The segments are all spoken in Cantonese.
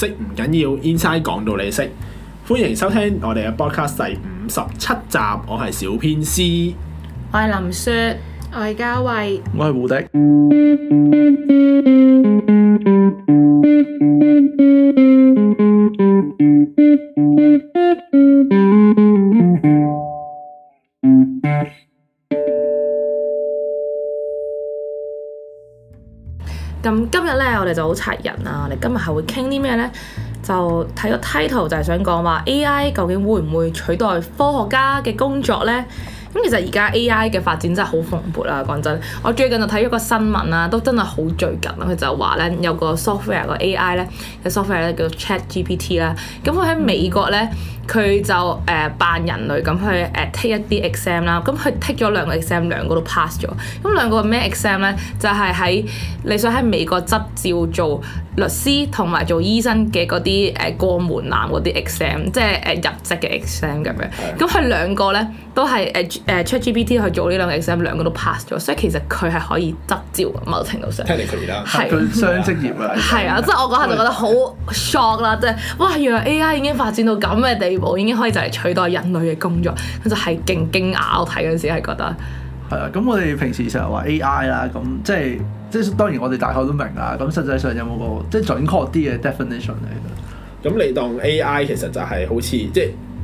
識唔緊要，Inside 講到你識。歡迎收聽我哋嘅 Podcast 第五十七集，我係小編師，我係林雪，我係嘉慧，我係胡迪。咁、嗯、今日咧，我哋就好齊人啊！我哋今日係會傾啲咩呢？就睇個 title 就係想講話 AI 究竟會唔會取代科學家嘅工作呢？咁其實而家 A.I. 嘅發展真係好蓬勃啊！講真，我最近就睇咗個新聞啦，都真係好最近。啊。佢就話咧，有個 software 個 A.I. 咧嘅 software 咧叫 ChatGPT 啦。咁佢喺美國咧，佢就誒、呃、扮人類咁去誒 take、呃、一啲 exam 啦。咁佢 take 咗兩個 exam，兩個都 pass 咗。咁、嗯、兩個咩 exam 咧？就係、是、喺你想喺美國執照做律師同埋做醫生嘅嗰啲誒過門檻嗰啲 exam，即係誒、呃、入職嘅 exam 咁樣。咁佢、嗯嗯、兩個咧都係誒。呃誒 ChatGPT 去做呢兩個 exam，兩個都 pass 咗，所以其實佢係可以執照嘅，某程度上。聽你講完啦，係 雙職業啊。係 啊，即係我嗰下就覺得好 shock 啦，即係哇，原來 AI 已經發展到咁嘅地步，已經可以就嚟取代人類嘅工作，就係勁驚訝。我睇嗰陣時係覺得，係啊。咁我哋平時成日話 AI 啦，咁即係即係當然我哋大概都明啦。咁實際上有冇個即係準確啲嘅 definition 嚟嘅？咁你當 AI 其實就係好似即係。即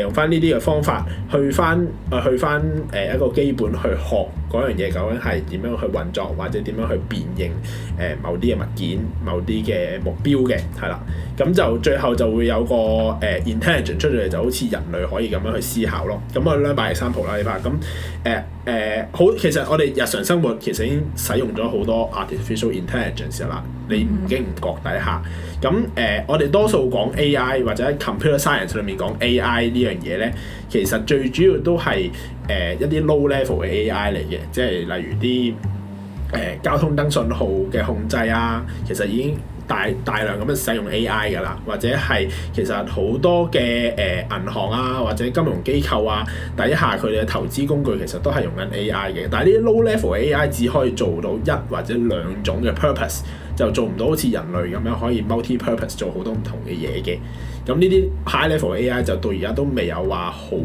用翻呢啲嘅方法去翻啊，去翻誒、呃、一個基本去學嗰樣嘢，究竟係點樣去運作，或者點樣去辨認誒、呃、某啲嘅物件、某啲嘅目標嘅係啦，咁就最後就會有個誒 intelligence、呃、出咗嚟，就好似人類可以咁樣去思考咯。咁啊兩百零三鋪啦，你話咁誒誒好，其實我哋日常生活其實已經使用咗好多 artificial intelligence 啦，你唔經唔覺底下。嗯咁誒、呃，我哋多數講 AI 或者 computer science 裏面講 AI 呢樣嘢咧，其實最主要都係誒、呃、一啲 low level 嘅 AI 嚟嘅，即係例如啲誒、呃、交通燈信號嘅控制啊，其實已經大大量咁樣使用 AI 噶啦，或者係其實好多嘅誒、呃、銀行啊，或者金融機構啊，底下佢哋嘅投資工具其實都係用緊 AI 嘅。但係呢啲 low level AI 只可以做到一或者兩種嘅 purpose，就做唔到好似人類咁樣可以 multipurpose 做好多唔同嘅嘢嘅。咁呢啲 high level AI 就到而家都未有話好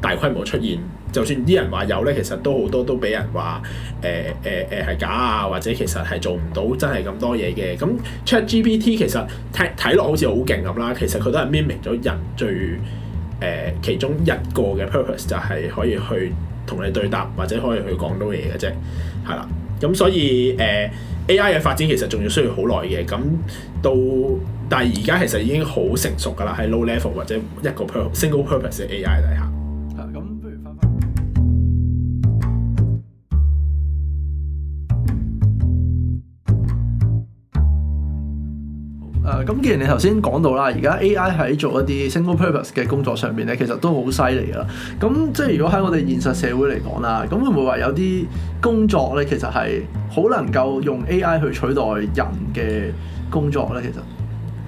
大規模出現。就算啲人話有咧，其實都好多都俾人話誒誒誒係假啊，或者其實係做唔到真係咁多嘢嘅。咁 ChatGPT 其實睇睇落好似好勁咁啦，其實佢都係 mimic 咗人最誒、呃、其中一個嘅 purpose，就係可以去同你對答或者可以去講到嘢嘅啫。係啦，咁所以誒、呃、AI 嘅發展其實仲要需要好耐嘅。咁到但係而家其實已經好成熟噶啦，喺 low level 或者一個 purpose, single purpose 嘅 AI 底下。咁既然你頭先講到啦，而家 A.I. 喺做一啲 single purpose 嘅工作上面咧，其實都好犀利㗎啦。咁即係如果喺我哋現實社會嚟講啦，咁會唔會話有啲工作咧，其實係好能夠用 A.I. 去取代人嘅工作咧？其實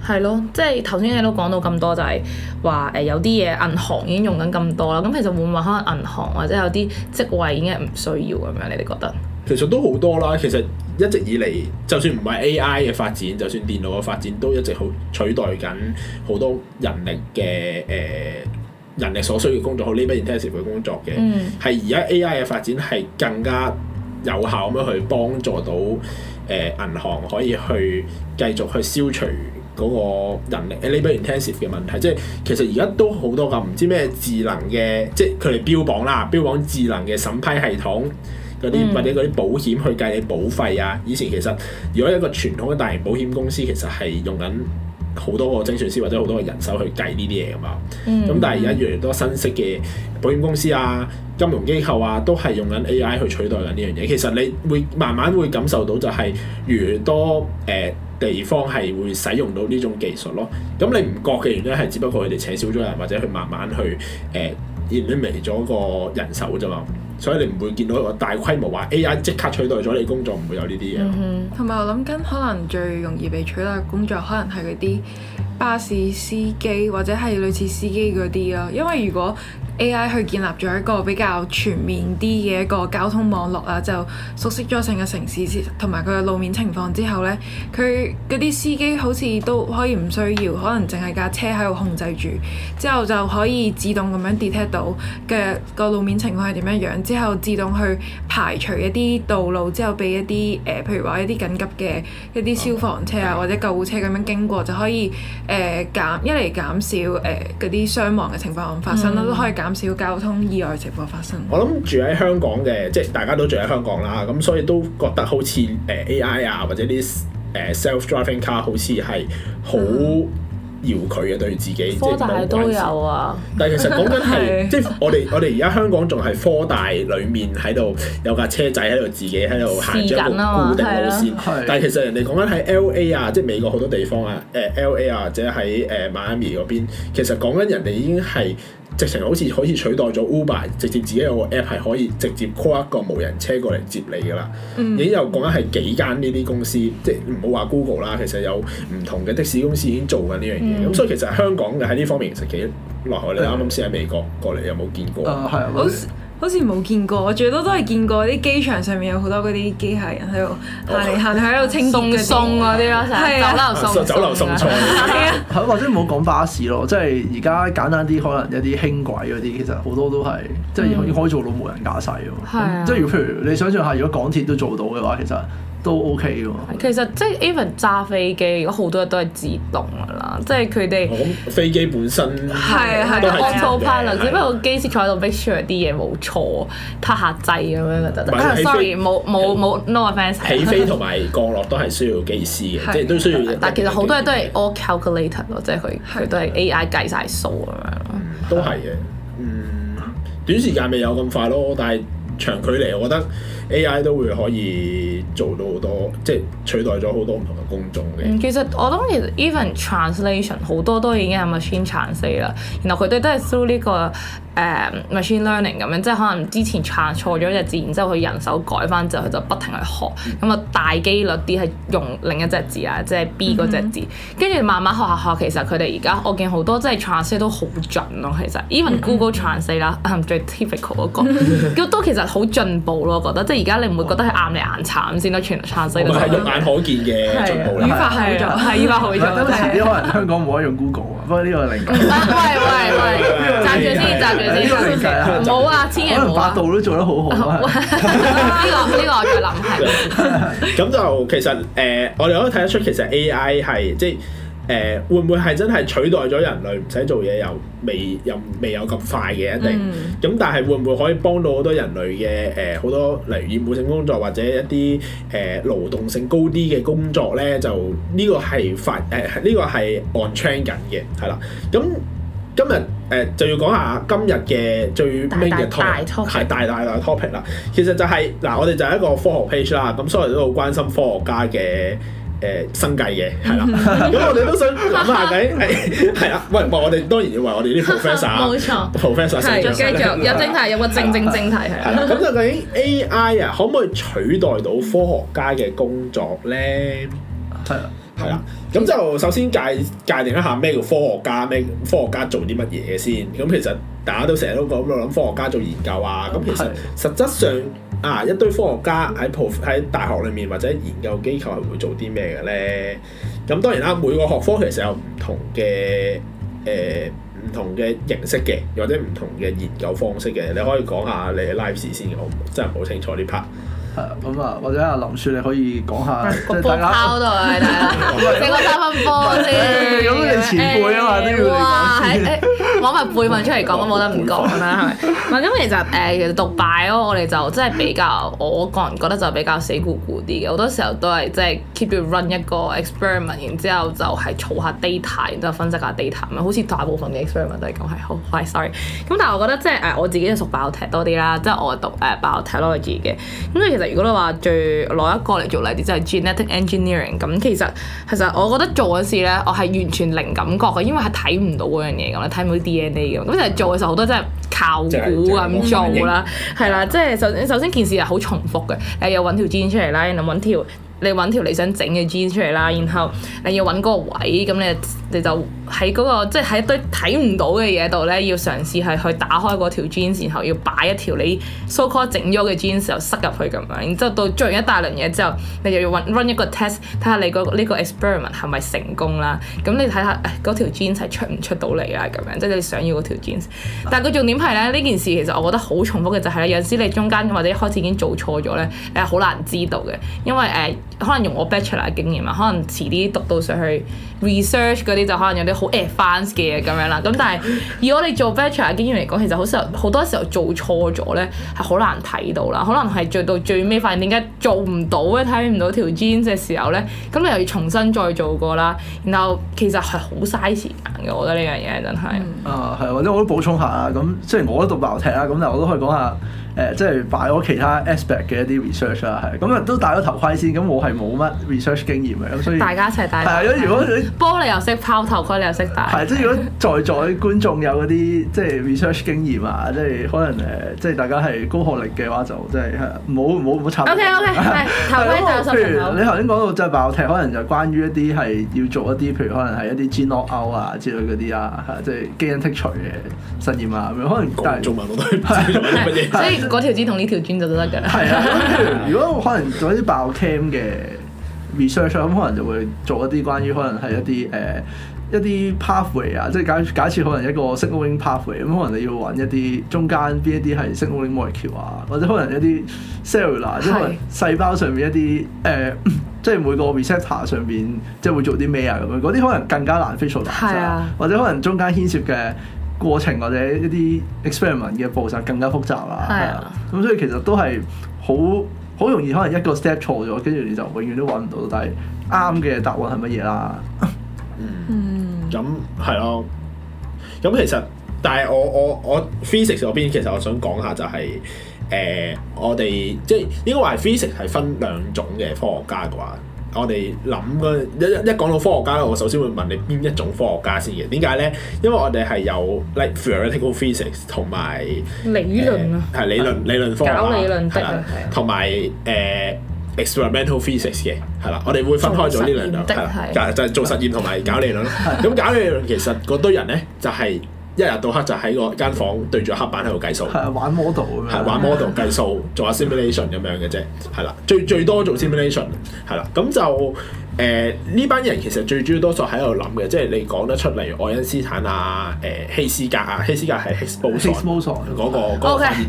係咯，即係頭先你都講到咁多，就係話誒有啲嘢銀行已經用緊咁多啦。咁其實會唔會可能銀行或者有啲職位已經係唔需要咁樣？你哋覺得？其實都好多啦，其實一直以嚟，就算唔係 AI 嘅發展，就算電腦嘅發展，都一直好取代緊好多人力嘅誒、呃、人力所需嘅工作，好 labor-intensive 嘅工作嘅，係而家 AI 嘅發展係更加有效咁樣去幫助到誒、呃、銀行可以去繼續去消除嗰個人力、mm hmm. labor-intensive 嘅問題。即係其實而家都好多㗎，唔知咩智能嘅，即係佢哋標榜啦，標榜智能嘅審批系統。啲或者嗰啲保險去計你保費啊。以前其實如果一個傳統嘅大型保險公司其實係用緊好多個精算師或者好多個人手去計呢啲嘢㗎嘛。咁、嗯、但係而家越嚟越多新式嘅保險公司啊、金融機構啊，都係用緊 AI 去取代緊呢樣嘢。其實你會慢慢會感受到就係越多誒、呃、地方係會使用到呢種技術咯。咁你唔覺嘅原因係只不過佢哋請少咗人或者佢慢慢去誒。呃而唔係微咗個人手啫嘛，所以你唔會見到一個大規模話 AI 即刻取代咗你工作，唔會有呢啲嘢囉。同埋、嗯、我諗緊，可能最容易被取代嘅工作，可能係嗰啲巴士司機或者係類似司機嗰啲啦，因為如果 A.I. 去建立咗一個比較全面啲嘅一個交通網絡啊，就熟悉咗成個城市同埋佢嘅路面情況。之後咧，佢啲司機好似都可以唔需要，可能淨係架車喺度控制住，之後就可以自動咁樣 detect 到嘅個路面情況係點樣樣。之後自動去排除一啲道路，之後俾一啲誒、呃，譬如話一啲緊急嘅一啲消防車啊或者救護車咁樣經過，就可以誒減、呃、一嚟減少誒啲傷亡嘅情況發生啦，都、嗯、可以減少交通意外情況發生。我諗住喺香港嘅，即係大家都住喺香港啦，咁所以都覺得好似誒、呃、AI 啊，或者啲誒、呃、self driving car 好似係好遙距嘅對自己，嗯、即係冇關事。科大都有啊。但係其實講緊係， 是即係我哋我哋而家香港仲係科大裡面喺度有架車仔喺度自己喺度行住緊個固定路線。啊啊、但係其實人哋講緊喺 LA 啊，即係美國好多地方啊，誒 LA 啊，或者喺誒 Miami 嗰邊，其實講緊人哋已經係。直情好似可以取代咗 Uber，直接自己有個 app 係可以直接 call 一個無人車過嚟接你㗎啦。嗯、已經又講緊係幾間呢啲公司，即唔好話 Google 啦，其實有唔同嘅的,的士公司已經做緊呢樣嘢。咁、嗯、所以其實香港嘅喺呢方面其實幾奈何。我哋啱啱先喺美國過嚟有冇見過。嗯嗯嗯好似冇見過，我最多都係見過啲機場上面有好多嗰啲機械人喺度 Okay. 行行喺度清東送嗰啲咯，酒樓、啊、送酒樓、啊、送菜， 或者唔好講巴士咯，即係而家簡單啲，可能一啲輕軌嗰啲，其實好多都係、嗯、即係可以做到無人駕駛咯、啊嗯。即係如譬如你想象下，如果港鐵都做到嘅話，其實。都 OK 嘅喎 其實即係 even 揸飛機，如果好多嘢都係自動嘅啦， 即係佢哋飛機本身係係 control，只不過機師坐喺度 make sure 啲嘢冇錯，拍下掣咁樣就得。sorry 冇冇冇 no offence 起飛同埋降落都係需要機師嘅，即係都需要人。但其實好多嘢都係 all calculated 咯，即係佢佢都係 AI 計晒數咁樣咯。都係嘅，嗯，短時間未有咁快咯，但係長距離我覺得。AI 都會可以做到好多，即係取代咗好多唔同嘅工種嘅。嗯，其實我諗其實 even translation 好多都已經係 machine translate 啦，然後佢哋都係 through 呢、呢個、嗯、machine learning 咁樣，即係可能之前譯錯咗一隻字，然之後佢人手改翻之後，佢就不停去學，咁啊大機率啲係用另一隻字啊，即係 B 嗰隻字，跟住、mm hmm. 慢慢學下學，其實佢哋而家我見好多真即係 translate 都好準咯，其實 even Google translate 啦，最 typical 嗰、嗰個， 都其實好進步咯，我覺得而家，你唔會覺得係暗你眼殘先得全撐衰。我係肉眼可見嘅進步嚟嘅。語法係係語法好咗。因為香港冇得用 Google 啊，不過呢個零。喂喂喂，站住先，站住先，唔好啊，千祈唔好啊。可能百度都做得好好。呢個呢個我再諗。咁就其實誒，我哋可以睇得出，其實 AI 係即係。誒會唔會係真係取代咗人類唔使做嘢？又未又未有咁快嘅一定咁，但係會唔會可以幫到好多人類嘅誒好多例如業務性工作或者一啲誒勞動性高啲嘅工作咧？就呢個係發誒呢個係 on trending 嘅係啦。咁今日誒就要講下今日嘅最尾嘅 topic 係大大大 topic 啦。其實就係嗱，我哋就係一個科學 page 啦。咁所有人都好關心科學家嘅。誒生計嘅係啦，咁我哋都想諗下。咪？係係啦，喂！我我哋當然要為我哋呢啲 professor，冇錯 professor。繼續有正題，有個正正正題係。咁就究竟 AI 啊，可唔可以取代到科學家嘅工作咧？係啊，係啊。咁就首先界定一下咩叫科學家，咩科學家做啲乜嘢先？咁其實大家都成日都講喺度諗科學家做研究啊。咁其實實質上。啊！一堆科學家喺大學裏面或者研究機構係會做啲咩嘅呢？咁當然啦，每個學科其實有唔同嘅誒唔同嘅形式嘅，或者唔同嘅研究方式嘅。你可以講下你嘅 live 先，我真係冇清楚呢 part。咁啊或者阿林雪你可以講下，即係大家，你、 嗯、個三分波 先說。咁你、欸、前輩啊嘛，都要、欸講，欸、講。哇，係誒，攞埋輩份出嚟講，冇得唔講啦，係咪？咁其實誒，其、呃、實讀擺咯，我哋就真係比較，我個人覺得就比較死咕咕啲嘅。好多時候都係即係 keep 住 run 一個 experiment，然之後就係儲下 data，然之後分析下 data 啊，好似大部分嘅 experiment 都係咁，係、哦、好，係、哎、sorry。咁但係我覺得即係誒、呃，我自己就熟爆踢多啲啦，即係我讀誒爆踢 technology 嘅。咁、呃、其實。如果你話最攞一個嚟做例子就係 genetic engineering，咁其實其實我覺得做嗰陣時咧，我係完全零感覺嘅，因為係睇唔到嗰樣嘢咁啦，睇唔到 DNA 咁。咁其實做嘅時候好多真係靠估咁、啊、做啦，係啦，即係首首先件事係好重複嘅，誒又揾條 gene 出嚟啦，又揾條。你揾條你想整嘅 jeans 出嚟啦，然後你要揾嗰個位，咁你你就喺嗰、嗰個即係喺一堆睇唔到嘅嘢度呢，要嘗試係去打開嗰條 jeans，然後要擺一條你 so called 整咗嘅 jeans，然後塞入去咁樣，然之後到做完一大輪嘢之後，你就要 run, run 一個 test，睇下你、呢個呢、呢個 experiment 係咪成功啦？咁你睇下嗰條 jeans 係出唔出到嚟啦？咁樣即係、就係、你想要嗰條 jeans。但係個重點係咧，呢件事其實我覺得好重複嘅就係、係、咧，有時你中間或者一開始已經做錯咗咧，誒你好難知道嘅，因為誒。呃可能用我 bachelor 嘅經驗啊，可能遲啲讀到上去。research 嗰啲就可能有啲好 advanced 嘅嘢咁樣啦，咁但係以我哋做 bachelor 經驗嚟講，其實好時候好多時候做錯咗咧，係好難睇到啦。可能係做到最尾發現點解做唔到咧，睇唔到條 gene 嘅時候咧，咁你又要重新再做過啦。然後其實係好嘥時間嘅，我覺得呢樣嘢真係。嗯、啊，係或者我都補充下咁，雖然我都讀樓梯啦，咁但我都可以講下誒、呃，即係擺咗其他 aspect 嘅一啲 research 啦，係。咁啊，都戴咗頭盔先，咁我係冇乜 research 經驗嘅，咁所以大家一齊戴。的的如果。波你又識拋頭盔，你又識打。係即係如果在座嘅觀眾有嗰啲即係 research 經驗啊，即係可能誒，即係大家係高學歷嘅話，就即係唔好唔好唔好插。O K O K，係頭盔就譬如你頭先講到即係爆踢，可能就關於一啲係要做一啲，譬如可能係一啲基 o 拗啊之類嗰啲啊，即係基因剔除嘅實驗啊，咁樣可能但係做埋我都嘢。所以嗰條紙同呢條磚就得㗎。係啊，如果可能做啲爆 cam 嘅。research 咁可能就會做一啲關於可能係一啲誒、呃、一啲 pathway 啊，即係假假設可能一個 signaling pathway，咁可能你要搵一啲中間邊一啲係 signaling molecule 啊，或者可能一啲 cell 是即因為細胞上面一啲誒、呃、即係每個 receptor 上邊即係會做啲咩啊咁樣，嗰啲可能更加難 figured out 啦，啊、或者可能中間牽涉嘅過程或者一啲 experiment 嘅步驟更加複雜啦。係啊，咁、啊啊、所以其實都係好。好容易可能一個 step 錯咗，跟住你就永遠都揾唔到但係啱嘅答案係乜嘢啦。嗯、mm.，咁係囉，咁其實，但係我我我 physics 嗰邊，其實我想講下就係、是，誒、呃，我哋即係應該話係 physics 係分兩種嘅科學家嘅話。我哋諗嗰一一講到科學家咧，我首先會問你邊一種科學家先嘅？點解咧？因為我哋係有 like theoretical physics 同埋理論咯，係、呃、理論理論科學家，係啦，同埋誒 experimental physics 嘅，係啦，我哋會分開咗呢兩樣，係就就係做實驗同埋、就是、搞理論咁 搞理論其實嗰堆人咧就係、是。一日到黑就喺個間房對住黑板喺度計數。係啊，玩 model。係玩 model 計數，做 simulation 咁 樣嘅啫。係啦，最最多做 simulation。係啦，咁就誒呢班人其實最主要多數就喺度諗嘅，即係你講得出嚟愛因斯坦啊、誒、呃、希斯格啊，希斯格係 Heston 嗰個嗰、嗰個係希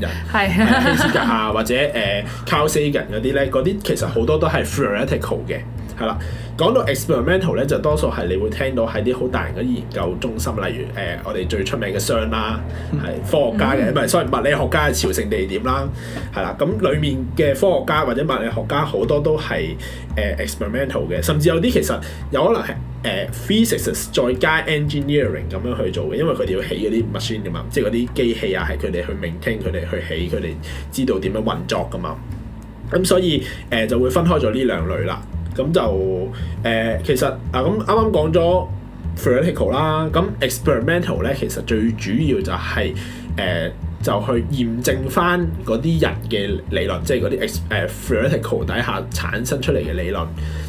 斯格啊， 或者誒、呃、Carl Sagan 嗰啲咧，嗰啲其實好多都係 theoretical 嘅。係啦，講到 experimental 咧，就多數係你會聽到喺啲好大型嘅研究中心，例如誒、呃、我哋最出名嘅 CERN 啦，係科學家嘅，唔係 所謂物理學家嘅朝聖地點啦，係啦，咁裡面嘅科學家或者物理學家好多都係誒、呃、experimental 嘅，甚至有啲其實有可能係誒、呃、physics 再加 engineering 咁樣去做嘅，因為佢哋要起嗰啲 machine 噶嘛，即係嗰啲機器啊，係佢哋去 maintain，佢哋去起，佢哋知道點樣運作噶嘛，咁所以誒、呃、就會分開咗呢兩類啦。咁就誒、呃，其實啊，咁啱啱講咗 theoretical 啦、啊，咁 experimental 咧，其實最主要就係、是、誒、呃，就去驗證返嗰啲人嘅理論，即係嗰啲 ex 誒 theoretical 底下產生出嚟嘅理論，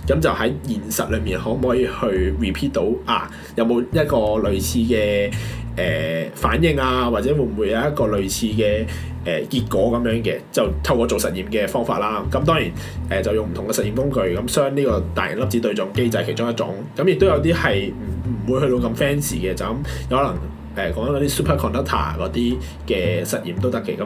咁就喺現實裏面可唔可以去 repeat 到啊？有冇一個類似嘅？誒、呃、反應啊，或者會唔會有一個類似嘅誒、呃、結果咁樣嘅？就透過做實驗嘅方法啦。咁當然誒、呃、就用唔同嘅實驗工具，咁將呢個大型粒子對撞機就係其中一種。咁亦都有啲係唔唔會去到咁 fancy 嘅，就咁有可能誒講、呃、緊啲 superconductor 嗰啲嘅實驗都得嘅咁。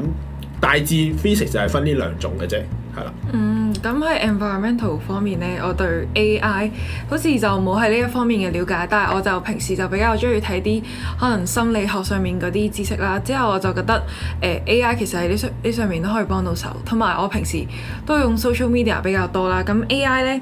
大致 physics 就係分呢兩種嘅啫，係啦。嗯，咁喺 environmental 方面呢，我對 AI 好似就冇喺呢一方面嘅了解，但係我就平時就比較中意睇啲可能心理學上面嗰啲知識啦。之後我就覺得誒、呃、AI 其實喺呢上呢上面都可以幫到手，同埋我平時都用 social media 比較多啦。咁 AI 呢，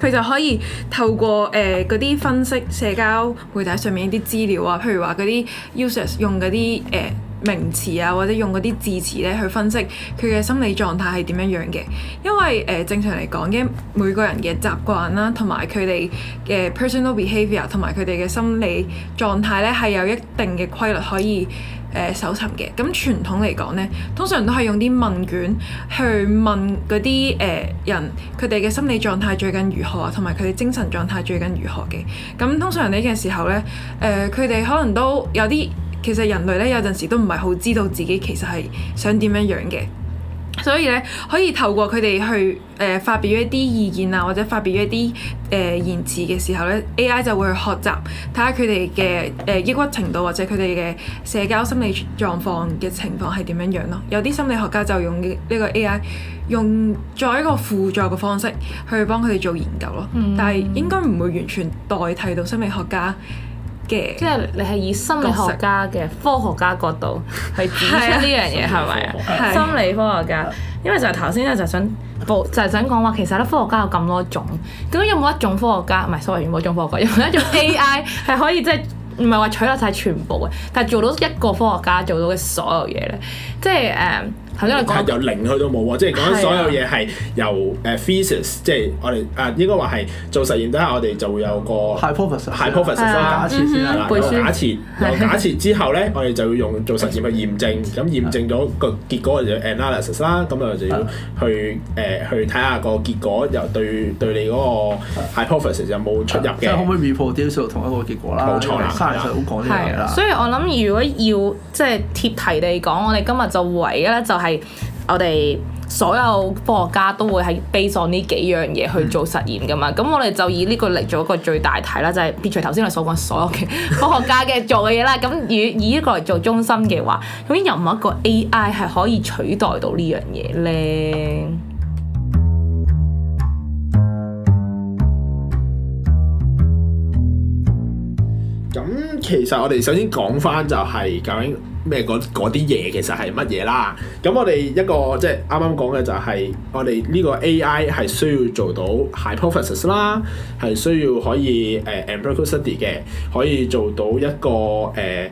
佢就可以透過誒嗰啲分析社交媒體上面啲資料啊，譬如話嗰啲 users 用嗰啲誒、呃名詞啊，或者用嗰啲字詞咧去分析佢嘅心理狀態係點樣樣嘅，因為誒、呃、正常嚟講嘅每個人嘅習慣啦、啊，同埋佢哋嘅 personal b e h a v i o r 同埋佢哋嘅心理狀態咧係有一定嘅規律可以誒、呃、搜尋嘅。咁傳統嚟講咧，通常都係用啲問卷去問嗰啲誒人，佢哋嘅心理狀態最近如何啊，同埋佢哋精神狀態最近如何嘅。咁通常呢件時候咧，誒佢哋可能都有啲。其實人類咧有陣時都唔係好知道自己其實係想點樣樣嘅，所以咧可以透過佢哋去誒、呃、發表一啲意見啊，或者發表一啲誒、呃、言辭嘅時候咧，AI 就會去學習，睇下佢哋嘅誒抑鬱程度或者佢哋嘅社交心理狀況嘅情況係點樣樣咯。有啲心理學家就用呢個 AI 用作一個輔助嘅方式去幫佢哋做研究咯，嗯、但係應該唔會完全代替到心理學家。的即係你係以心理學家嘅科學家角度去指出呢樣嘢係咪啊？ 吧心理科學家， 啊、因為就係頭先咧就是、想報 就係想講話，其實咧科學家有咁多種，咁有冇一種科學家唔係，所謂有冇一種科學家，有冇一種 AI 係 可以即係唔係話取得晒全部嘅，但係做到一個科學家做到嘅所有嘢咧，即係誒。Um, 係由零去到冇喎，即係講所有嘢係由誒 thesis 即係我哋啊、uh, 應該話係做實驗之下我哋就會有個 hypothesis hypothesis 嘅的的假設先啦、啊。嗯、假設假設之後咧， 我哋就要用做實驗去驗證，咁驗證咗個結果就 analysis 啦。咁我哋就要去誒、uh, 呃、去睇下個結果又對對你個 hypothesis 有冇出入嘅。可唔可以 report 到同一個結果啦？冇錯啦，好講啲係啦，所以我諗如果要即係貼題地講，我哋今日就圍咧就係、是。我哋所有科學家都會喺 base on 呢幾樣嘢去做實驗噶嘛，咁我哋就以呢個嚟做一個最大題啦，就係撇除頭先我所講所有嘅科學家嘅做嘅嘢啦，咁以以呢個嚟做中心嘅話，咁有冇一個 AI 係可以取代到呢樣嘢咧？咁其實我哋首先講翻就係究竟。咩嗰啲嘢其實係乜嘢啦？咁我哋一個即係啱啱講嘅就係、是、我哋呢個 AI 係需要做到 hypothesis 啦，係需要可以誒 empirical study 嘅，可以做到一個誒。呃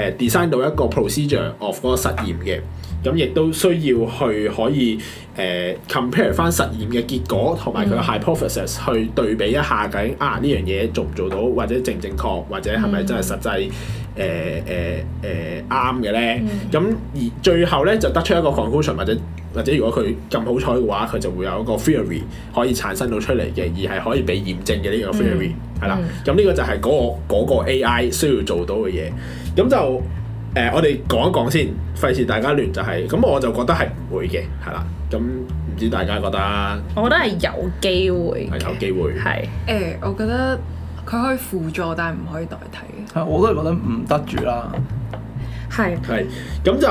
誒、呃、design 到一個 procedure of 嗰個實驗嘅，咁亦都需要去可以誒、呃、compare 翻實驗嘅結果，同埋佢嘅 hypothesi、mm hmm. s 去對比一下究竟啊呢樣嘢做唔做到，或者正唔正確，或者係咪真係實際誒誒誒啱嘅咧？咁而最後咧就得出一個 conclusion 或者。或者如果佢咁好彩嘅話，佢就會有一個 theory 可以產生到出嚟嘅，而係可以被驗證嘅呢個 theory 係啦。咁呢個就係嗰個嗰個 AI 需要做到嘅嘢。咁就誒，我哋講一講先，費事大家亂。就係咁，我就覺得係唔會嘅，係啦。咁唔知大家覺得？我覺得係有機會，係有機會，係誒。我覺得佢可以輔助，但係唔可以代替。係，我都覺得唔得住啦。係。係，咁就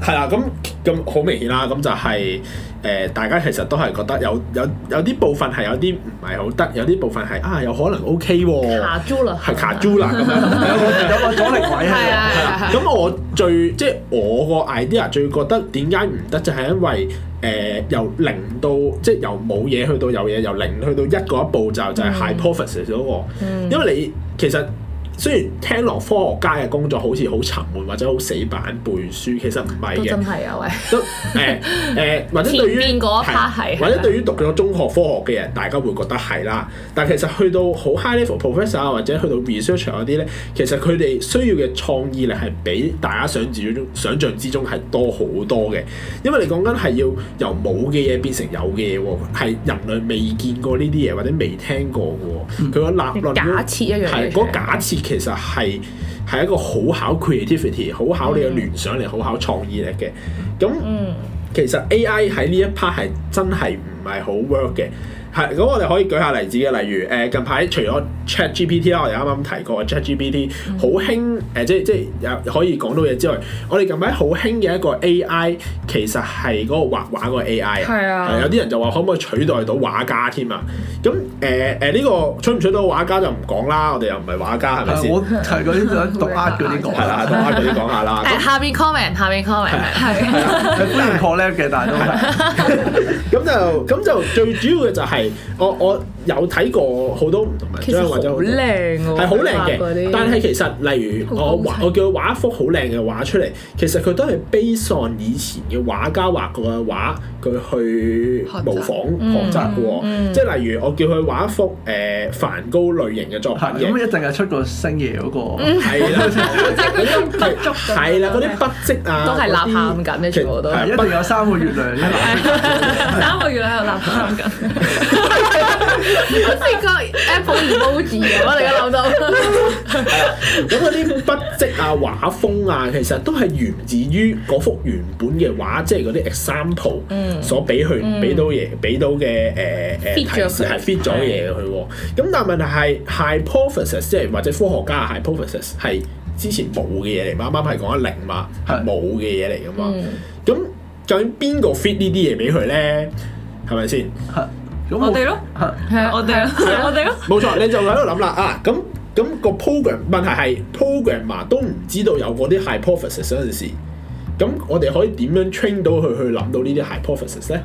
係啦，咁咁好明顯啦，咁就係、是、誒、呃，大家其實都係覺得有有有啲部分係有啲唔係好得，有啲部分係啊，有可能 OK 喎、啊。卡住啦。係卡住啦，咁樣有，有個有個阻力位。係 啊，咁我最即係我個 idea 最覺得點解唔得就係因為誒、呃、由零到即係由冇嘢去到有嘢，由零去到一嗰一個步驟就係 hypothesis 嚟咗喎。嗯。因為你其實。 雖然聽落科學家嘅工作好似好沉悶或者好死板背書，其實唔係嘅。都真係啊喂！都誒、呃呃、 或者對於係，或者對於讀咗中學科學嘅人，大家會覺得係啦。但其實去到好 high level professor 或者去到 research 嗰、er、啲咧，其實佢哋需要嘅創意力係比大家想住、想象之中係多好多嘅。因為你講緊係要由冇嘅嘢變成有嘅嘢喎，係人類未見過呢啲嘢或者未聽過嘅喎。佢個、嗯、立論假設一樣是，係假設。其實係係一個好考 creativity，好考你嘅聯想力，好考創意力嘅。咁其實 AI 喺呢一 part 係真係唔係好 work 嘅。係，咁我哋可以舉下例子嘅，例如誒近排除咗 Chat GPT 啦，我哋啱啱提過，Chat GPT 好興，誒即係即係又可以講到嘢之外，我哋近排好興嘅一個 AI，其實係嗰個畫畫個 AI，係啊，有啲人就話可唔可以取代到畫家添啊？咁誒誒呢個取唔取到畫家就唔講啦，我哋又唔係畫家係咪先？係嗰啲讀 Art 嗰啲講，係啦，讀 Art 嗰啲講下啦。誒下邊 comment，下邊 comment 係，雖然 collapse 嘅，但係都係。就咁，就最主要嘅就係我我。我有睇過好多唔同嘅，或者好係好靚嘅。但係其實，例如我畫，我叫畫一幅好靚嘅畫出嚟，其實佢都係悲 a 以前嘅畫家畫嘅畫，佢去模仿學習嘅，即係例如我叫佢畫一幅誒梵高類型嘅作品。咁一定間出個星爺嗰個係啦，嗰啲筆觸啦，啲筆跡啊，都係立攤緊。全部都係一定有三個月亮，三個月亮喺度立攤緊。我先個 Apple emoji 啊！我哋嘅老豆咁嗰啲筆跡啊、畫風啊，其實都係源自於嗰幅原本嘅畫，即係嗰啲 example，所俾佢俾到嘢，俾到嘅誒誒係 fit 咗嘢嘅佢。咁但係問題係 hypothesis，即係或者科學家啊 hypothesis 係之前冇嘅嘢嚟，啱啱係講一零嘛，係冇嘅嘢嚟噶嘛。咁究竟邊個 fit 呢啲嘢俾佢咧？係咪先？我哋咯，係 啊，我哋咯，我哋咯，冇錯，你就喺度諗啦啊，咁咁，嗰個 program 問題係 programmer 都唔知道有嗰啲 hypothesis 嗰陣時，咁我哋可以點樣 train 到佢去諗到呢啲 hypothesis 咧？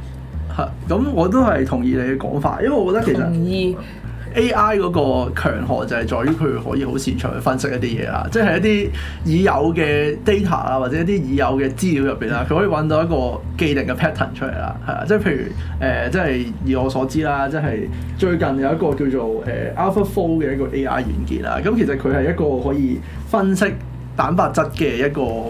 係，咁我都係同意你嘅講法，因為我覺得其實同意。AI 嗰個強項就係在於佢可以好擅長去分析一啲嘢啦，即係一啲已有嘅 data 啊，或者一啲已有嘅資料入邊啦，佢可以揾到一個既定嘅 pattern 出嚟啦，係啊，即係譬如誒、呃，即係以我所知啦，即係最近有一個叫做誒、呃、AlphaFold 嘅一個 AI 軟件啦，咁其實佢係一個可以分析蛋白質嘅一個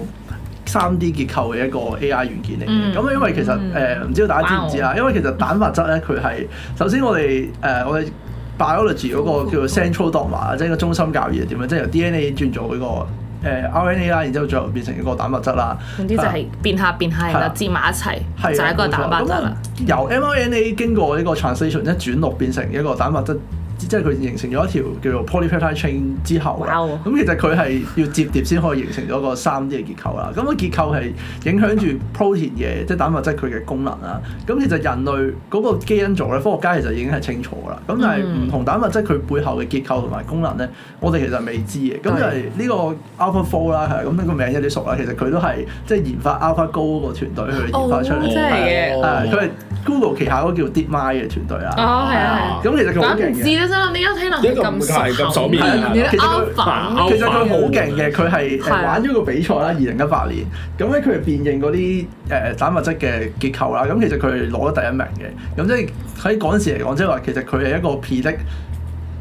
三 D 結構嘅一個 AI 軟件嚟嘅，咁、嗯、因為其實誒唔、嗯呃、知道大家知唔知啊？哇因為其實蛋白質咧，佢係首先我哋誒、呃、我哋。biology 嗰個叫做 central dogma 即係個中心教義係點樣，即係由 DNA 轉做呢、這個誒、呃、RNA 啦，然之後最後變成一個蛋白質啦。總之就係變下變下，然後接埋一齊，就係一個蛋白質啦。由 mRNA 經過呢個 translation 一轉錄變成一個蛋白質。嗯 即係佢形成咗一條叫做 polyprotein chain 之後，咁 Wow.、嗯、其實佢係要摺疊先可以形成咗個三 D 嘅結構啦。咁、嗯、個 結構係影響住 protein 嘅，即係蛋白質佢嘅功能啦。咁、嗯嗯、其實人類嗰個基因組咧，科學家其實已經係清楚啦。咁、嗯、但係唔同蛋白質佢背後嘅結構同埋功能咧，我哋其實未知嘅。咁、嗯、就係呢個 alpha four 啦，咁、個名有啲熟啦。其實佢都係即係研發 alpha go 個團隊去研發出嚟嘅。啊佢。Google 旗下嗰個叫 DeepMind 嘅團隊啊，哦係啊係，咁其實佢好勁嘅。我同事咧想諗點解 Tesla 咁熟，咁表面其實佢好勁嘅，佢係玩咗個比賽啦，二零一八年。咁咧佢係辨認嗰啲誒蛋白質嘅結構啦。咁其實佢係攞咗第一名嘅。咁即係喺嗰陣時嚟講，即係話其實佢係一個撇的。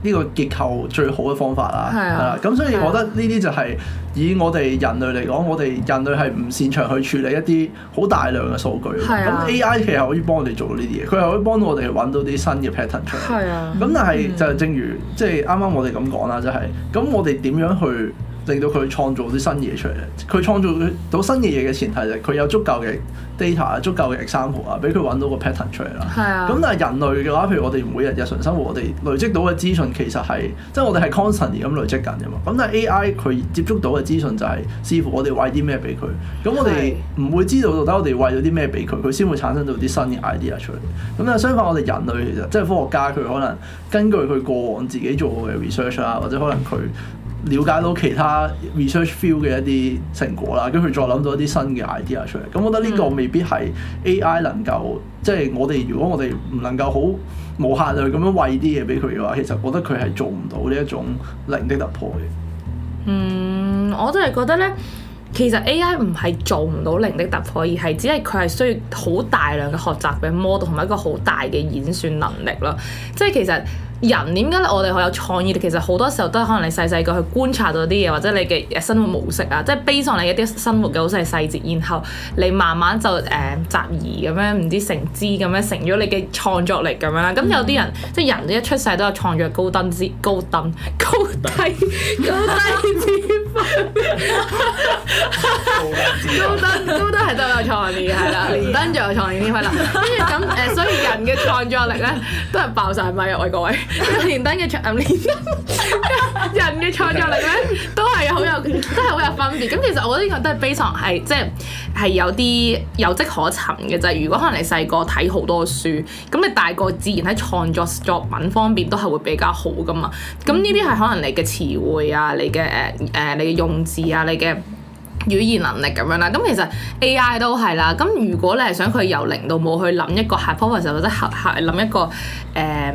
呢個結構最好嘅方法啦，咁、啊嗯、所以我覺得呢啲就係以我哋人類嚟講，我哋人類係唔擅長去處理一啲好大量嘅數據，咁、啊、AI 其實可以幫我哋做到呢啲嘢，佢係可以幫到我哋揾到啲新嘅 pattern 出嚟，咁、啊嗯、但係就正如即係啱啱我哋咁講啦，即係咁我哋點樣去？令到佢創造啲新嘢出嚟咧，佢創造到新嘅嘢嘅前提就係佢有足夠嘅 data 啊，足夠嘅 example 啊，俾佢揾到個 pattern 出嚟啦。係啊。咁但係人類嘅話，譬如我哋每日日常生活，我哋累積到嘅資訊其實係，即係我哋係 constantly 咁累積緊㗎嘛。咁但係 AI 佢接觸到嘅資訊就係，視乎是我哋餵啲咩俾佢。咁我哋唔會知道到底我哋餵咗啲咩俾佢，佢先會產生到啲新嘅 idea 出嚟。咁啊，相反我哋人類其實，即係科學家佢可能根據佢過往自己做過嘅 research 啊，或者可能佢。了解到其他 research field 嘅一啲成果啦，跟住再諗到一啲新嘅 idea 出嚟。咁我覺得呢個未必係 AI 能夠，嗯、即係我哋如果我哋唔能夠好無限量咁樣喂啲嘢俾佢嘅話，其實覺得佢係做唔到呢一種零的突破嘅。嗯，我都係覺得咧，其實 AI 唔係做唔到零的突破，而係只係佢係需要好大量嘅學習嘅 model，同埋一個好大嘅演算能力咯。即係其實。人點解我哋好有創意？其實好多時候都係可能你細細個去觀察到啲嘢，或者你嘅生活模式啊，即係悲上你一啲生活嘅好細細節，然後你慢慢就誒集而咁樣，唔知成知咁樣成咗你嘅創作力咁樣啦。咁有啲人即係人一出世都有創作高登之高登高低高低之分。高登高登高登係真係有創意係啦，連登仲有創意啲係啦。跟住咁誒，所以人嘅創作力咧都係爆曬咪嘅，各位各位。 連登嘅創連登人嘅創作力咧，都係好有，都係好有分別。咁、嗯、其實我呢嘢，都係非常係，即係係有啲有迹可尋嘅就啫。如果可能你細個睇好多書，咁你大個自然喺創作作品方面都係會比較好噶嘛。咁呢啲係可能你嘅詞彙啊，你嘅誒誒，你嘅用字啊，你嘅語言能力咁樣、嗯、啦。咁其實 A I 都係啦。咁如果你係想佢由零到冇去諗一個 hypothesis 或者合合諗一個誒。呃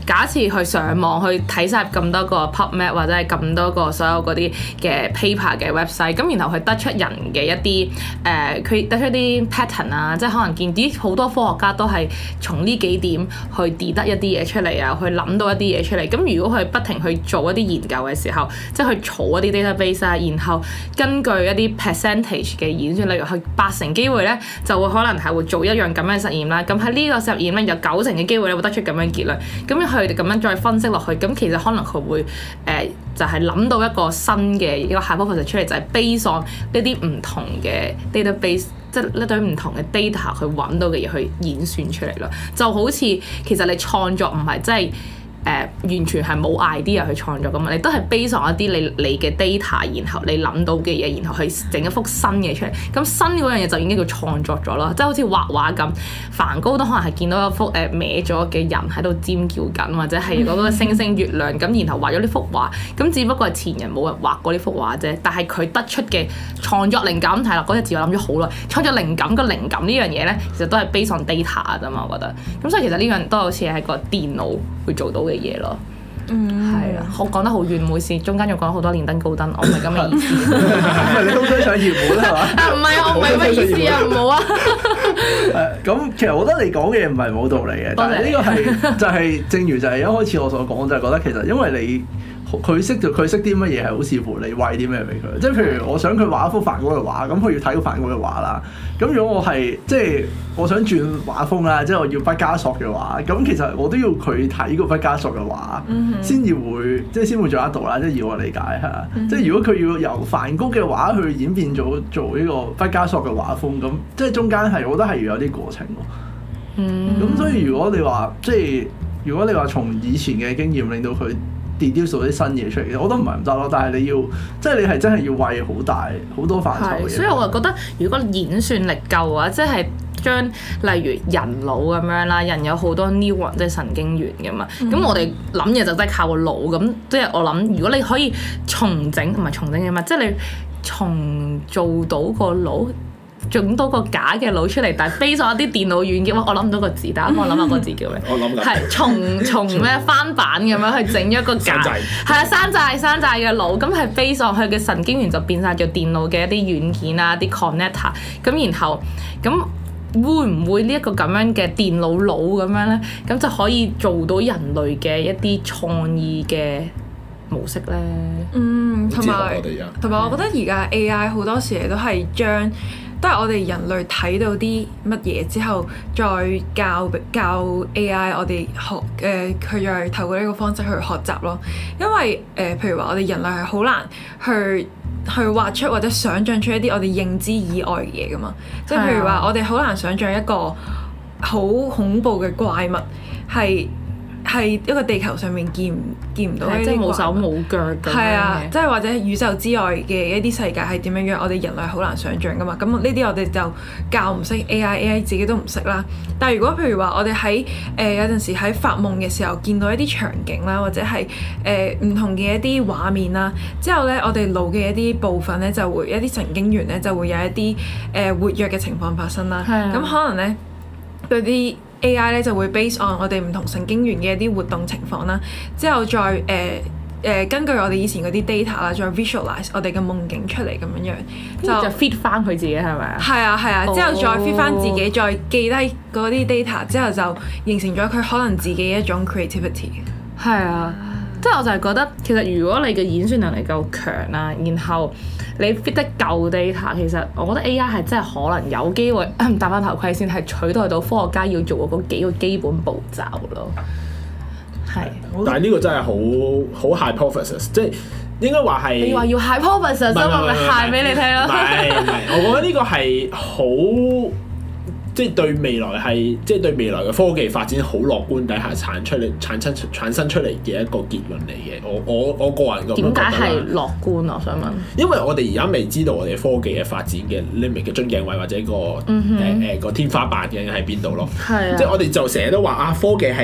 假設去上網去睇晒咁多個 PubMed 或者係咁多個所有嗰啲嘅 paper 嘅 website，咁然後佢得出人嘅一啲誒，佢、呃、得出一啲 pattern 啊，即係可能見啲好多科學家都係從呢幾點去 d e 得一啲嘢出嚟啊，去諗到一啲嘢出嚟。咁如果佢不停去做一啲研究嘅時候，即係去儲一啲 database 啊，然後根據一啲 percentage 嘅演算，例如係八成機會咧，就會可能係會做一樣咁樣嘅實驗啦。咁喺呢個實驗咧，有九成嘅機會咧會得出咁樣結論。咁佢哋咁樣再分析落去，咁其實可能佢會誒、呃，就係、是、諗到一個新嘅一個下一步程式出嚟，就係 base on 一啲唔同嘅 database，即係一堆唔同嘅 data 去揾到嘅嘢去演算出嚟咯，就好似其實你創作唔係真係。就係誒、呃、完全係冇 idea 去創作噶嘛，你都係 base on 一啲你你嘅 data，然後你諗到嘅嘢，然後去整一幅新嘢出嚟，咁新嗰樣嘢就已經叫創作咗啦，即係好似畫畫咁，梵高都可能係見到一幅誒歪咗嘅人喺度尖叫緊，或者係嗰個星星月亮咁，然後畫咗呢幅畫，咁只不過係前人冇人畫過呢幅畫啫，但係佢得出嘅創作靈感係啦，嗰、那、隻、個、字我諗咗好耐，創作靈感、那個靈感呢樣嘢咧，其實都係 base on data 啊啫嘛，我覺得，咁所以其實呢樣都好似係個電腦會做到嘅。嘅嘢咯，嗯，係啊，我講得好遠，每次中間仲講咗好多連登高登，我唔係咁嘅意思，係 你都想上熱門係嘛？唔係， 我唔係咩意思，唔好啊。誒，咁其實我覺得你講嘢唔係冇道理嘅， 謝謝但係呢個係就係、是、正如就係一開始我所講，就係、是、覺得其實因為你。佢識就佢識啲乜嘢係好視乎你餵啲咩俾佢，即係譬如我想佢畫一幅梵高嘅畫，咁佢要睇個梵高嘅畫啦。咁如果我係即係我想轉畫風啦，即係我要畢加索嘅畫，咁其實我都要佢睇個畢加索嘅畫，先至、mm hmm. 會即係先會做得到啦，即係以我理解吓。Mm hmm. 即係如果佢要由梵高嘅畫去演變咗做呢個畢加索嘅畫風，咁即係中間係我覺得係要有啲過程咯。咁、mm hmm. 所以如果你話即係如果你話從以前嘅經驗令到佢。啲新嘢出嚟，things，我覺得唔係唔得咯，但係你要，即係你係真係要喂好大好多飯菜。所以我話覺得，如果演算力夠嘅話，即係將例如人腦咁樣啦，人有好多 neuron 即係神經元㗎嘛。咁、嗯、我哋諗嘢就真係靠個腦。咁即係我諗，如果你可以重整同埋重整嘅嘛，即係你重做到個腦。整多個假嘅腦出嚟，但係飛上一啲電腦軟件， 我諗唔到個字，但我諗下個字叫咩？ 我諗緊係從從咩 翻版咁樣去整一個假係，啊山寨山寨嘅腦，咁係飛上去嘅神經元就變晒做電腦嘅一啲軟件啊，啲 connector、er, 咁，然後咁會唔會呢一個咁樣嘅電腦腦咁樣呢？咁就可以做到人類嘅一啲創意嘅模式呢？嗯，同埋同埋我覺得而家 AI 好多時都係將都係我哋人類睇到啲乜嘢之後，再教教 AI，我哋學誒佢就係透過呢個方式去學習咯。因為誒、呃，譬如話我哋人類係好難去去畫出或者想像出一啲我哋認知以外嘅嘢噶嘛。啊、即係譬如話，我哋好難想像一個好恐怖嘅怪物係。係一個地球上面見唔見唔到一啲，即係冇手冇腳咁。係啊，即係或者宇宙之外嘅一啲世界係點樣樣，我哋人類好難想像噶嘛。咁呢啲我哋就教唔識 A I A I，自己都唔識啦。但係如果譬如話，我哋喺誒有陣時喺發夢嘅時候見到一啲場景啦，或者係誒唔同嘅一啲畫面啦，之後呢，我哋腦嘅一啲部分呢，就會一啲神經元呢，就會有一啲誒、呃、活躍嘅情況發生啦。咁是、啊、可能呢對啲。A.I. 咧就會 base on 我哋唔同神經元嘅一啲活動情況啦，之後再誒誒、呃呃、根據我哋以前嗰啲 data 啦，再 visualise 我哋嘅夢境出嚟咁樣樣，後就 fit 翻佢自己係咪啊？係啊係啊，oh、之後再 fit 翻自己，再記低嗰啲 data 之後就形成咗佢可能自己一種 creativity。係啊。即係我就係覺得，其實如果你嘅演算能力夠強啦，然後你 fit 得夠 data，其實我覺得 AI 係真係可能有機會戴翻、嗯、頭盔先係取代到科學家要做嘅嗰幾個基本步驟咯。係，但係呢個真係好好 hypothesis，即係應該話係你話要 hypothesis，我咪 high 俾你聽咯。唔係 我覺得呢個係好。即係對未來係，即係對未來嘅科技發展好樂觀底下產出嚟，產生產生出嚟嘅一個結論嚟嘅。我我我個人咁點解係樂觀啊？我想問，因為我哋而家未知道我哋科技嘅發展嘅，limit 嘅樽頸位或者個誒個、嗯哼呃呃、天花板嘅喺邊度咯？係、啊、即係我哋就成日都話啊，科技係誒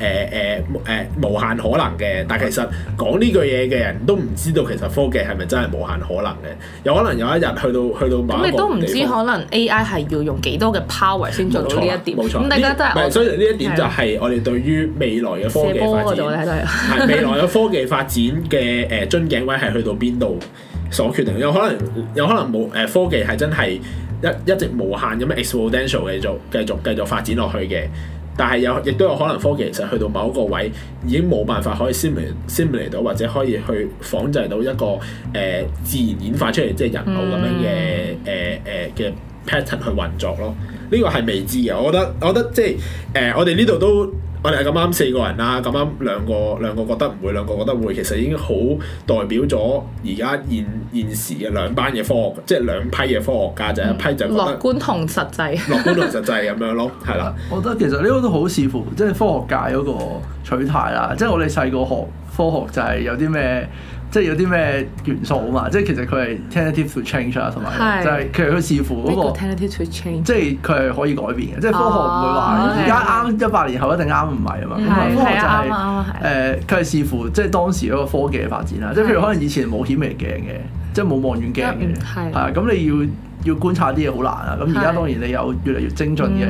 誒誒無限可能嘅，但其實講呢句嘢嘅人都唔知道其實科技係咪真係無限可能嘅？有可能有一日去到去到咁，你都唔知可能 A I 係要用幾多嘅先做到呢一點錯，冇錯。咁大家都係，所以呢一點就係我哋對於未來嘅科技發展。係未來嘅科技發展嘅誒樽頸位係去到邊度所決定？有可能有可能冇誒、呃、科技係真係一一直無限咁樣 exponential 繼續繼續繼續發展落去嘅，但係有亦都有可能科技其實去到某一個位已經冇辦法可以 simul simulate 到或者可以去仿製到一個誒、呃、自然演化出嚟即係人腦咁樣嘅誒誒嘅 pattern 去運作咯。呢個係未知嘅，我覺得我覺得即係誒，我哋呢度都我哋係咁啱四個人啦，咁啱兩個兩個覺得唔會，兩個覺得會，其實已經好代表咗而家現現現時嘅兩班嘅科學，即係兩批嘅科學家就係一批就係樂觀同實際，樂觀同實際咁樣咯，係啦 的。我覺得其實呢個都好視乎即係科學界嗰個取態啦，即係我哋細個學科學就係有啲咩。即係有啲咩元素啊嘛，即係其實佢係 tentative to change 啦，同埋就係其實佢視乎嗰個 即係佢係可以改變嘅，oh, 即係科學唔會話而家啱一百年後一定啱唔係啊嘛，oh, okay. 嗯、科學就係誒佢係視乎即係當時嗰個科技嘅發展啦， 即係譬如可能以前冇顯微鏡嘅， 即係冇望遠鏡嘅，係啊，咁 你要要觀察啲嘢好難啊，咁而家當然你有越嚟越精進嘅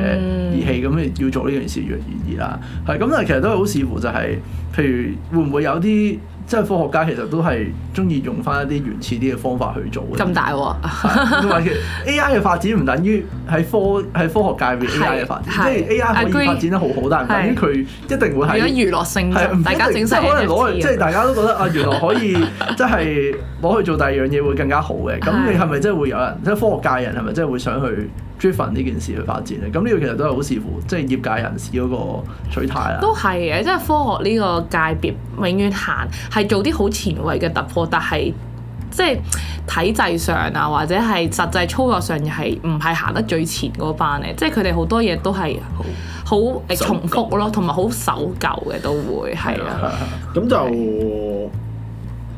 儀器，咁你 要做呢件事越嚟越易啦，係咁，但係其實都係好視乎就係、是，譬如會唔會有啲？即係科學家其實都係中意用翻一啲原始啲嘅方法去做嘅。咁大喎，因為 AI 嘅發展唔等於喺科喺科學界嘅 AI 嘅發展，即係 AI 可以發展得好好，對但係唔等於佢一定會係。如果娛樂性，大家整成可能攞嚟，即係大家都覺得啊，原來可以即係攞去做第二樣嘢會更加好嘅。咁對你係咪真係會有人即係對科學界人係咪真係會想去？追份呢件事去發展咧，咁呢個其實都係好視乎即係、就是、業界人士嗰個取態啦。都係嘅，即係科學呢個界別永遠行係做啲好前衞嘅突破，但係即係體制上啊，或者係實際操作上，又係唔係行得最前嗰班咧？嗯、即係佢哋好多嘢都係好重複咯，同埋好守舊嘅都會係啦。咁、嗯、的 就。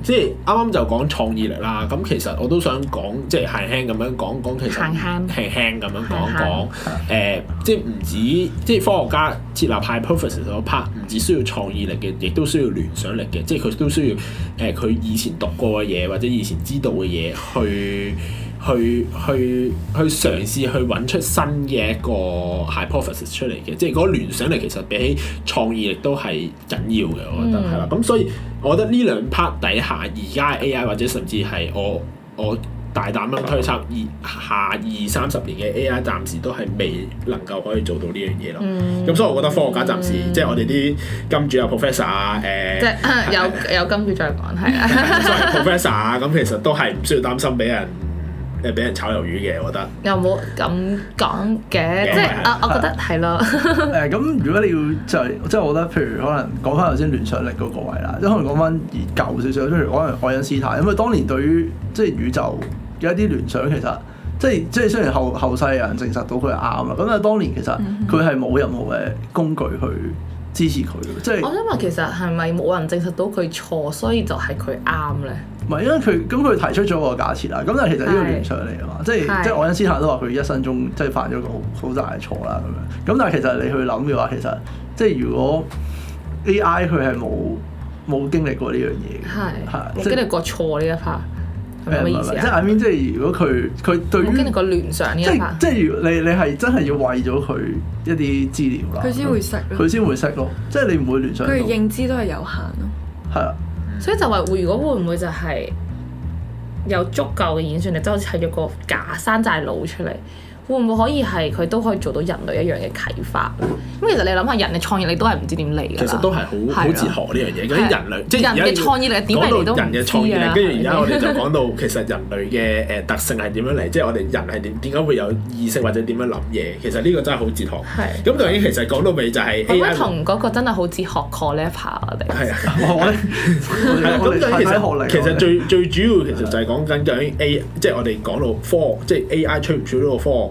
即係啱啱就講創意力啦，咁其實我都想講，即係輕輕咁樣講講，其實輕輕輕咁樣講講，誒輕、呃，即係唔止即係科學家設立派 professor 嗰 part 唔只需要創意力嘅，亦都需要聯想力嘅，即係佢都需要誒，佢、呃、以前讀過嘅嘢或者以前知道嘅嘢去。去去去嘗試去揾出新嘅一個 hypothesis 出嚟嘅，即係嗰聯想力其實比起創意力都係緊要嘅，我覺得係啦。咁、嗯啊、所以，我覺得呢兩 part 底下而家嘅 AI 或者甚至係我我大膽咁推測，二是吧 下二三十年嘅 AI 暫時都係未能夠可以做到呢樣嘢咯。咁、嗯、所以，我覺得科學家暫時、嗯、即係我哋啲金主啊 professor 啊，誒、呃，即係有 有金主再講係啊，professor 啊咁其實都係唔需要擔心俾人。誒，俾人炒魷魚嘅，我覺得又冇咁講嘅，嗯、即係是啊，我覺得係咯。誒咁，如果你要就即、是、係我覺得，譬如可能講翻頭先聯想力嗰個位啦，即係可能講翻舊少少，即係譬如可能愛因斯坦，因為當年對於即係宇宙嘅一啲聯想，其實即係即係雖然後後世有人證實到佢係啱啦，咁但係當年其實佢係冇任何嘅工具去支持佢，即係、嗯就是、我想問其實係咪冇人證實到佢錯，所以就係佢啱咧？嗯唔係，因為佢咁佢提出咗個假設啦。咁但係其實呢個聯想嚟㗎嘛，即係即係愛因斯坦都話佢一生中即係犯咗個好好大嘅錯啦咁樣。咁但係其實你去諗嘅話，其實即係如果 AI 佢係冇冇經歷過呢樣嘢嘅，係冇經歷過錯呢一拍，係咩意思即係 I mean，即係如果佢佢對於經歷過聯想呢一拍，即係你你係真係要餵咗佢一啲資料啦，佢先會識，佢先會識咯。即係你唔會聯想佢認知都係有限咯。係啊。所以就話如果會唔會就係有足夠嘅演算力，即好似砌咗個假山寨佬出嚟？會唔會可以係佢都可以做到人類一樣嘅啟發？咁其實你諗下，人嘅創意你都係唔知點嚟嘅。其實都係好好哲學呢樣嘢。人類即人嘅創意力點嚟都人嘅創意力。跟住而家我哋就講到其實人類嘅誒特性係點樣嚟？即係我哋人係點點解會有意識或者點樣諗嘢？其實呢個真係好哲學。咁，究竟其實講到尾就係我覺得同嗰個真係好哲學 collapse 其實最最主要，其實就係講緊究竟 A 即係我哋講到科，即係 AI 追唔追到科學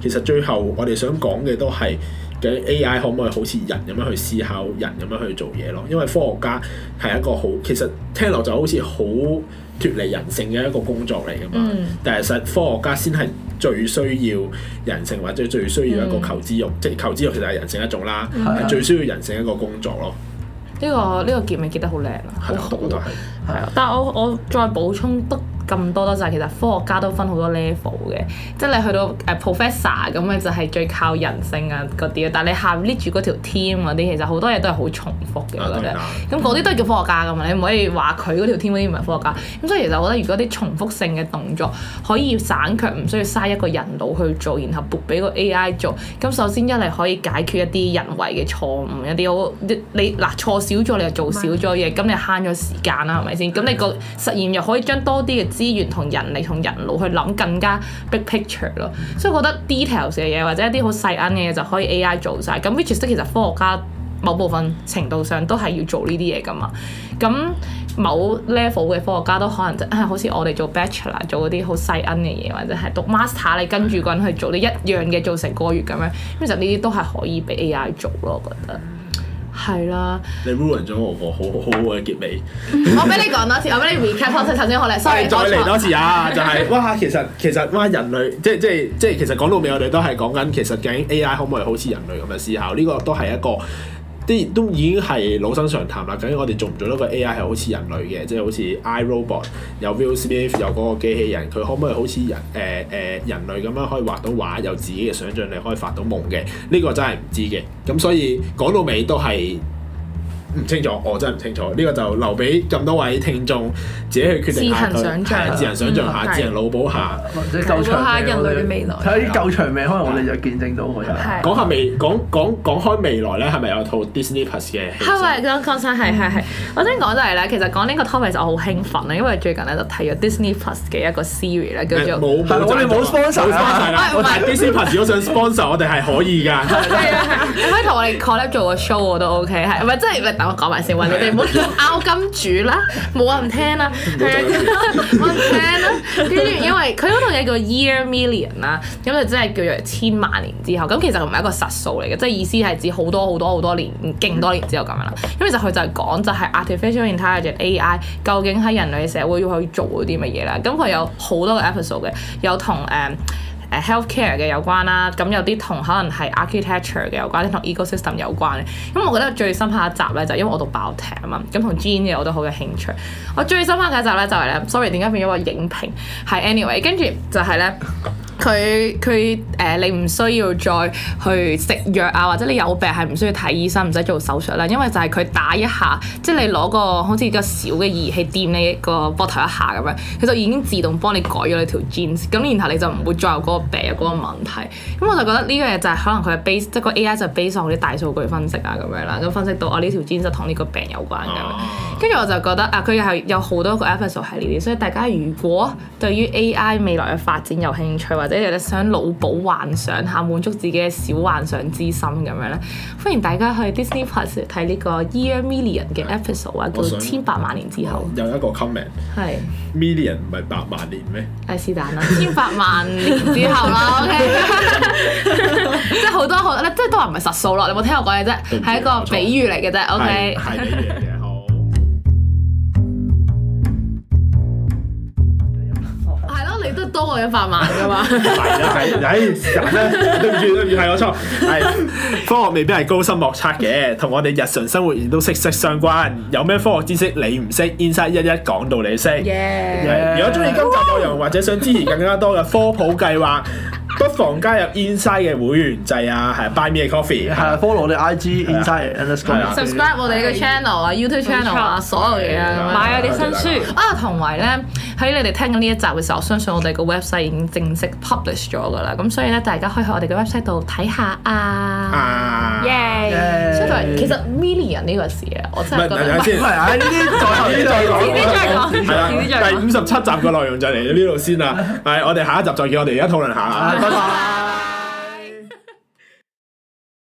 其實最後我哋想講嘅都係究竟 AI 可唔可以好似人咁樣去思考，人咁樣去做嘢咯？因為科學家係一個好，其實聽落就好似好脫離人性嘅一個工作嚟嘅嘛。嗯、但係其實科學家先係最需要人性，或者最需要一個求知欲。嗯、即係求知欲其實係人性一種啦，係、嗯啊、最需要人性一個工作咯。呢、嗯呢個呢、呢個結尾結得好靚啊！係好啊，但我但我再補充得。咁多就係，其實科學家都分好多 level 嘅，即係你去到誒 professor 咁嘅就係最靠人性啊嗰啲啊，但係你下邊拎住嗰條 team 嗰啲，其實好多嘢都係好重複嘅我覺得咁嗰啲都係叫科學家噶嘛，你唔可以話佢嗰條 team 嗰啲唔係科學家。咁所以其實我覺得，如果啲重複性嘅動作可以省卻，唔需要嘥一個人腦去做，然後撥俾個 AI 做，咁首先一嚟可以解決一啲人為嘅錯誤，一啲好你嗱錯少咗，你又做少咗嘢，咁、嗯、你慳咗時間啦，係咪先？咁你個實驗又可以將多啲嘅。資源同人力同人腦去諗更加 big picture 咯，所以我覺得 details 嘅嘢或者一啲好細銀嘅嘢就可以 AI 做晒。咁 which is 其實科學家某部分程度上都係要做呢啲嘢㗎嘛。咁某 level 嘅科學家都可能即係、啊、好似我哋做 bachelor 做嗰啲好細銀嘅嘢，或者係讀 master 你跟住個人去做啲一樣嘅做成個月咁樣，其實呢啲都係可以俾 AI 做咯，我覺得。係啦，啊、你 ruin 咗我我好好嘅結尾。 我俾你講多次，我俾你 recap 翻頭先學嚟。係再嚟多次啊！就係哇，其實其實哇人類即即即其實講到尾，我哋都係講緊其實究竟 AI 可唔可以好似人類咁嘅思考呢、呢個都係一個。都已經係老生常談啦，究竟我哋做唔做到個 AI 係好似人類嘅，即係好似 I Robot 有 Will Smith 有嗰個機器人，佢可唔可以好似人誒誒、呃呃、人類咁樣可以畫到畫，有自己嘅想像力，可以發到夢嘅？呢、呢個真係唔知嘅。咁所以講到尾都係。唔清楚，我真係唔清楚，呢個就留俾咁多位聽眾自己去決定下，係啊，自行想像下，自行腦補下，或腦補下人類未來。睇下啲舊長命，可能我哋就見證到可以。講下未，講講講開未來咧，係咪有套 Disney Plus 嘅？係啊，講我想講就係咧，其實講呢個 topic 我好興奮，因為最近咧就睇咗 Disney Plus 嘅一個 series 咧，叫做係我哋冇 sponsor 啊！唔係 Disney Plus 如果想 sponsor，我哋係可以㗎。你可以同我哋 collect 做個 show 我都 OK，係唔即真係？我講埋先，喂！你哋唔好拗金主啦，冇人唔聽啦、啊，係 啊唔 聽啦、啊。跟住因為佢嗰度嘢叫 Year Million 啦，咁就真係叫做千萬年之後。咁其實唔係一個實數嚟嘅，即、就、係、是、意思係指好多好多好多年，勁多年之後咁樣啦。咁其實佢就係講就係 artificial intelligence AI 究竟喺人類社會要去做啲乜嘢啦。咁佢有好多個 episode 嘅，有同誒。Uh, 誒 healthcare 嘅有關啦，咁有啲同可能係 architecture 嘅有關，啲同 ecosystem 有關。咁我覺得最深刻一集咧，就係、因為我讀爆艇啊嘛，咁同 gene 我都好有興趣。我最深刻嘅一集咧就係、是、咧，sorry 點解變咗個影評？係 anyway，跟住就係咧。佢佢誒，你唔需要再去食藥啊，或者你有病係唔需要睇醫生，唔使做手術啦、啊。因為就係佢打一下，即係你攞個好似個小嘅儀器掂你個膊頭一下咁樣，佢就已經自動幫你改咗你條 genes。咁然後你就唔會再有嗰個病嗰個問題。咁我就覺得呢個嘢就係可能佢 b a 即係個 AI 就 base on 啲大數據分析啊咁樣啦，咁分析到我呢條 genes 同呢個病有關咁樣。跟住我就覺得啊，佢係有好多個 effort 係呢啲，所以大家如果對於 AI 未來嘅發展有興趣或者，你哋想腦補幻想下，滿足自己嘅小幻想之心咁樣咧，歡迎大家去 Disney Plus 睇呢個 Year Million 嘅 episode 啊對，到千百萬年之後。有一個 comment 係 Million 唔係百萬年咩？哎 是但啦，千百萬年之後咯，OK，即係好多好即係都話唔係實數咯，你有冇聽我講嘢啫？係一個比喻嚟嘅啫，OK。多過一百萬噶嘛？係啊係，唉人咧對唔住對唔住係我錯。係科學未必係高深莫測嘅，同我哋日常生活亦都息息相關。有咩科學知識你唔識，Inside 一一講到你識。如果中意今集內容或者想支持更加多嘅科普計劃，不妨加入 Inside 嘅會員制啊，係 Buy Me A Coffee，係 follow 我哋 IG Inside underscore，subscribe 我哋嘅 channel 啊，YouTube channel 啊，所有嘢啊，買我哋新書啊，同埋咧喺你哋聽緊呢一集嘅時候，我相信我哋 website 已經正式 publish 咗㗎喇，咁所以咧大家可以去我哋嘅 website 度睇下啊，耶！所以其實 million 呢個事啊，我真係唔係先，係呢啲再呢啲再講，第五十七集嘅內容就嚟到呢度先啦，係我哋下一集再叫我哋而家討論下啊。拜拜。